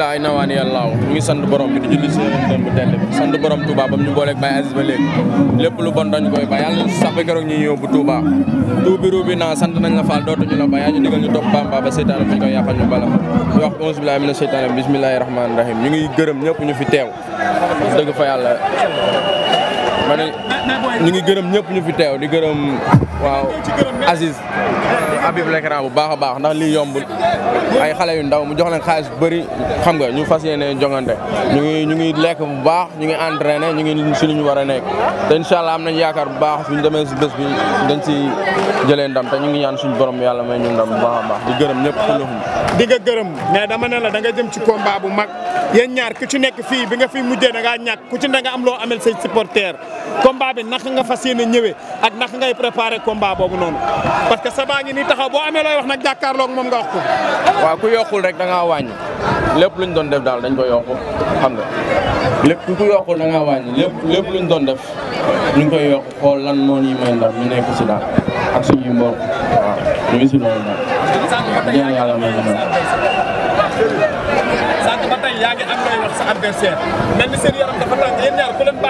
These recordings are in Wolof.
laa nawaan yàllaaw ñu ngi sant borom bi di julli si dem bu tedd bi sant borom Touba bam ñu booleeg Baye Aziz ba léegi lépp lu bon koy bàyyi yàlla sax ba keroog ñuy yóbbu Touba tuubi ruubi naa sant nañ la faal dootuñu la bàyyi yaa ñu digal ñu topp Bamba ba seytaane fi ñu koy yàqal ñu bala ñu wax onze billahi ñu ngi gërëm ñëpp ñu fi teew dëgg fa yàlla ñu ngi gërëm ñëpp ñu fi teew di gërëm waaw Aziz euh, Habib Lekran bu baax a baax ndax li yombul ay xale yu ndaw mu jox leen xaalis bu bëri xam nga ñu fas yéene jongante ñu ngi ñu ngi lekk bu baax ñu ngi entraîné ñu ngi si lu ñu war a nekk te incha allah am nañ yaakaar bu baax suñ demee si bés bi dañ si jëlee ndam te ñu ngi ñaan suñu borom yàlla may ñu ndam bu baax a baax di gërëm ñëpp kulluhum di nga gërëm mais dama ne la da jëm ci combat bu mag yéen ñaar ku ci nekk fii bi nga fi mujjee da ngaa ñàkk ku ci da combat bi naka nga fas yéene ñëwee ak naka ngay préparé combat boobu noonu parce que Saba ngi nii taxaw boo amee looy wax nag jàkkaarloog moom nga wax ko. waaw ku yokkul rek da ngaa wàññi lépp luñ doon def daal dañ ko yokku xam nga lépp ku yokkul da ngaa wàññi lépp lépp luñ doon def ñu ngi koy yokk xool lan moo ñuy may ndam ñu nekk si daal ak suñuy mbokk waaw ñu ngi si loolu daal ñaan yàlla may ñu sant ba tey yaa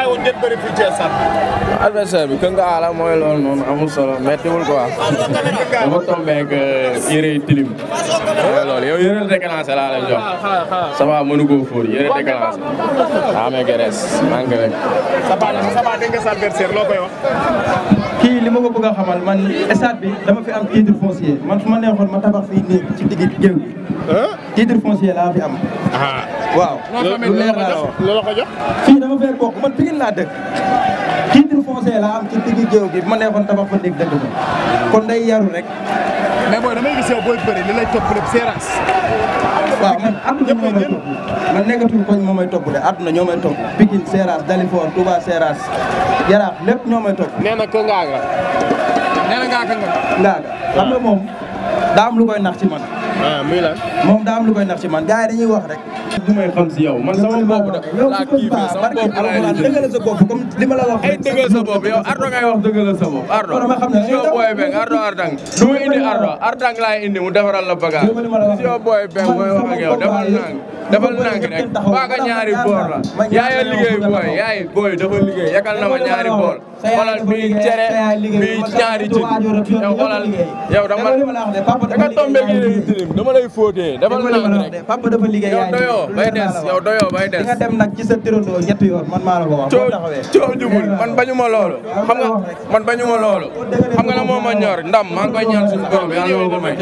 bàyyiwoon ngeen bëri fii adversaire bi kën nga aala mooy loolu noonu amul solo méttiwul quoi. dama tombé que euh, yére yi tilim. mooy loolu yow yére déclenché laa lay jox. Saba mënu koo fóor yére déclenché. daa amee gëres manqué rek. Saba Saba sa adversaire loo koy wax. kii li ma ko bëgg a xamal man stade bi dama fi am titre foncier man su ma neexoon ma tabax fi nii ci digg géew gi. titre foncier laa fi am. Ah. waaw. loolu la ko jox loolu la laa dëkk titre foncier laa am ci digg géew bi ma neexoon tabax fa néeg dëkk kon day yaru rek. mais booy damay gis yow booy bëri li lay topp lépp séerans. waaw man àdduna ñoo may topp man nekkatul koñ moo may topp de àdduna ñoo may topp Pikine séerans Dalifort Touba séerans Jaraaf lépp ñoo may topp. nee na ko Ngaaga. nee na Ngaaga nga. xam nga moom daa am nax ci man. Ah, moom daa am nax ci man gars yi dañuy wax rek. lu may xam si yow man sama bopp da laa kii mais sama bopp laa dëggal sa bopp comme li ma la wax ay dëggal sa bopp yow Ardo ngay wax dëggal sa bopp Ardo sio booy beng Ardo Ardang lu mu indi Ardo Ardang laay indi mu defaral la bagage sio booy beng mooy wax ak yow defal nang defal nang rek waaga ñaari boor la yaaya liggéey booy yaay booy dafa liggéey yakal na ma ñaari boor xoolal bii cere bii ñaari cin yow xoolal yow dama danga tombe gi lay tilim dama lay fóotee defal nang rek doyoo bay des yow doyoo bay des. di nga dem nag ci sa turandoo ñetti yoon man maa la ko wax. coow jubul man bañu ma loolu. xam man bañu loolu. xam nga la moo a ñor ndam maa ngi koy ñaan suñu borom yàlla moo ko may.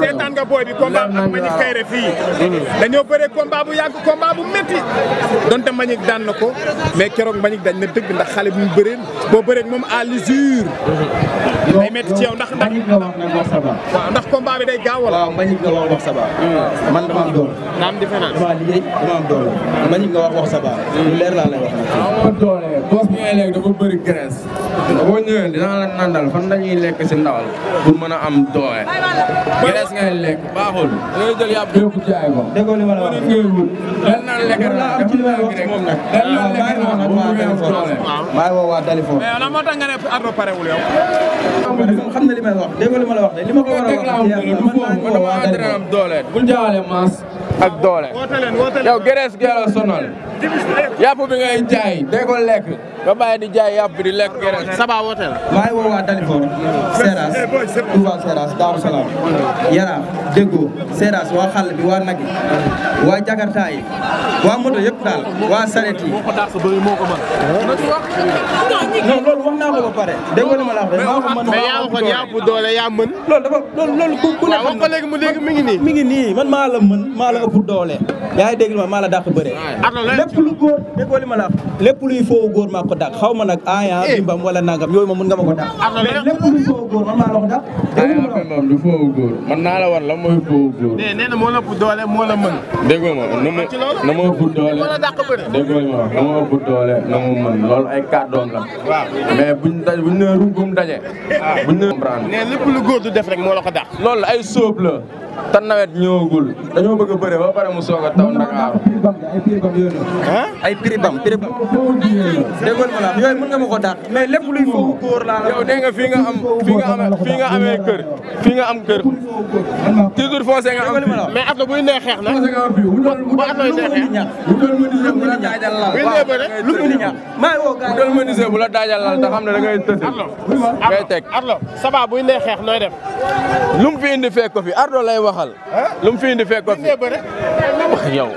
seetaan nga booy bi a ak Mbagnick Kaïré fii. dañoo bëre combat bu yàgg a bu métti. donte Mbagnick daan na ko mais keroog Mbagnick dañ na dëgg ndax xale bu mu bëreen boo bëree moom à l'usure. day métti ci yow ndax waaw ndax combat bi day gaaw Hmm. man dama doole. naam liggéey dama doole. ma ñu nga wax wax sa baax. lu leer laa lay wax. Ah, waaw doole boo ñëwee léegi dafa bëri graisse. boo ñëwee dinaa la nandal fan dañuy lekk si ndawal pour mën a am doole. graisse ngay lekk baaxul. da ngay jël ma la wax da ngay wut. lan la lekk rek def naa lekk rek lan la lekk rek bu mu ngi am doole. maa ngi woo waa Dalifort. mais lan moo tax nga ne Ardo parewul yow. nga li may wax déggoo li ma la wax de li ma ko war a wax. déedéet bul jaawale maas ak doole. yow Gérés Gérés sonal. yàpp bi ngay jaay dee ko lekk. nga bàyyi di jaay yàpp di lekk Gérés. Saba woote la. maa ngi woo waa Dalifort. Eh, Salaam. Yara Déggo Seras waa xàll bi waa nag waa jakarta waa moto yëpp. daal waa saret yi. non loolu wax naa ko ba pare. ma la wax de. mais yaa waxoon yaa ëpp doole yaa mën. loolu ko léegi mu léegi mi ngi mi ngi nii man maa la mën maa yaa ngi dégg ma maa la dàq bëre. Ah, lépp lu góor déggoo li ma la wax. lépp luy foofu góor ko dàq xaw ma nag aaya bimbam eh. wala nangam yooyu ma mën nga ma ko dàq. mais lépp luy foofu góor man maa ko dàq. dégg nga bimbam du naa la war la mooy foofu góor. na moo la la dàq bëri. dégg nga ma na ma ëpp doole na mu mën loolu ay kàddoom la. waaw mais buñ daje buñ nee ruum bu mu daje. waaw ah. buñ nee. comprendre nee lépp lu góor du def rek moo la ko dàq. loolu ay soob la. te nawet ñëwagul dañoo bëgg a bëre ba pare mu soog a taw Ndakaaru. ay prix bam prix bam. déggoon ma la yooyu mën nga ma ko dàq. mais lépp luy foofu góor laa la. yow dégg nga fii nga am fii nga am fii nga amee kër fii nga am kër. toujours xeex nag. bu at lay nee xeex. bu bu la daajal lal. xam ne da ngay tëdd. ngay teg Ardo Saba buy nee xeex nooy def. fi indi fekk ko fi Ardo lay wax waxal. lu mu fi indi fekk ko fi wax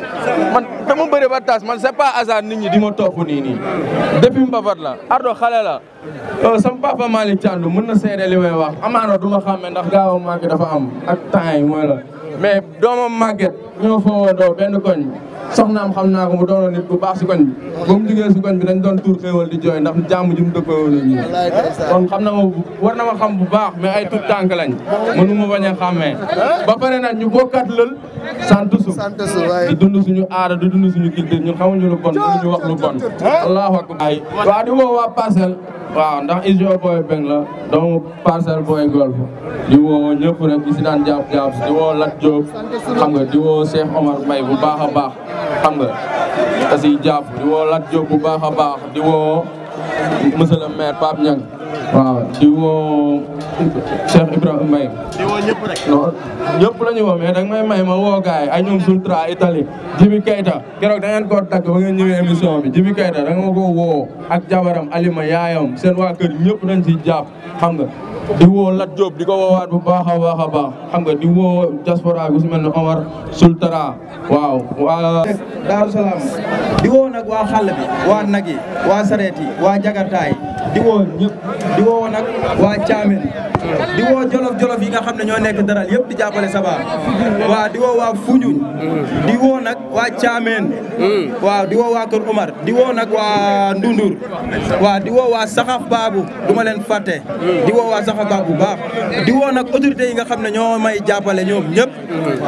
man dama bëre ba tas man c'est pas hasard ñi di ma topp nii nii depuis mbapat la Ardo xale la euh, sama papa Malick Thiandou mën na seede li may wax amaana du ma xàmme ndax gaaw a màgg dafa am ak temps yi mooy la mais doomam màgget ñoo foowandoo benn koñ soxnaam xam naa ko mu doonoon nit bu baax si bi ba mu jugee si bi dañ doon tuur xéewal di jooy ndax jàmm ji mu dëkkoo la ñu kon xam na ma war na ma xam bu baax mais ay tut tànk lañ mënu ma bañ a xàmmee ba pare nag ñu bokkaat lël sant sant su waay di dund suñu aada di dund suñu culture ñun xamuñu lu bon ñu wax lu bon allahu akbar ay waa di woo waa parcelle waa ndax Izo Boy Beng la doomu parcelle boy golf di woo ñëpp rek di si daan jàpp jàpp di woo Lat Diop xam nga di woo Cheikh Omar Mbaye bu baax a baax xam nga te si jàpp di woo Lat Diop bu baax a baax di woo monsieur le maire Pape waaw di woo Cheikh Ibrahima ñëpp rek non ñëpp la ñu woo mais da nga may may ma woo gaay ay ñoom Sultra Italie Jibi Kayta keroog da ngeen koo tagg ba ñëwee émission bi Jibi Kayta da nga woo ak jabaram Alima yaayam seen waa kër ñëpp dañ si jàpp xam di woo Lat Diop di ko woowaat bu baax a baax a baax xam nga di woo diaspora bi su mel ne Omar Sultara waaw waa Daaru diwoo nag waa xàll waa nag yi waa sareet yi waa jagartaay di woo ñëpp di nag waa caamen di woo jolof jolof yi nga xam ne ñoo nekk daral yëpp di jàppale Saba waaw diwoo waa Foundiougne di woo nag waa Thiamène waaw di woo waa Kër Omar di woo nag waa Ndundur waaw di woo waa Saxaf Baabu du ma leen fàtte diwoo waa Saxaf Baabu bu baax di woo nag autorités yi nga xam ne ñoo may jàppale ñoom ñëpp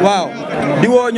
waaw di ñoom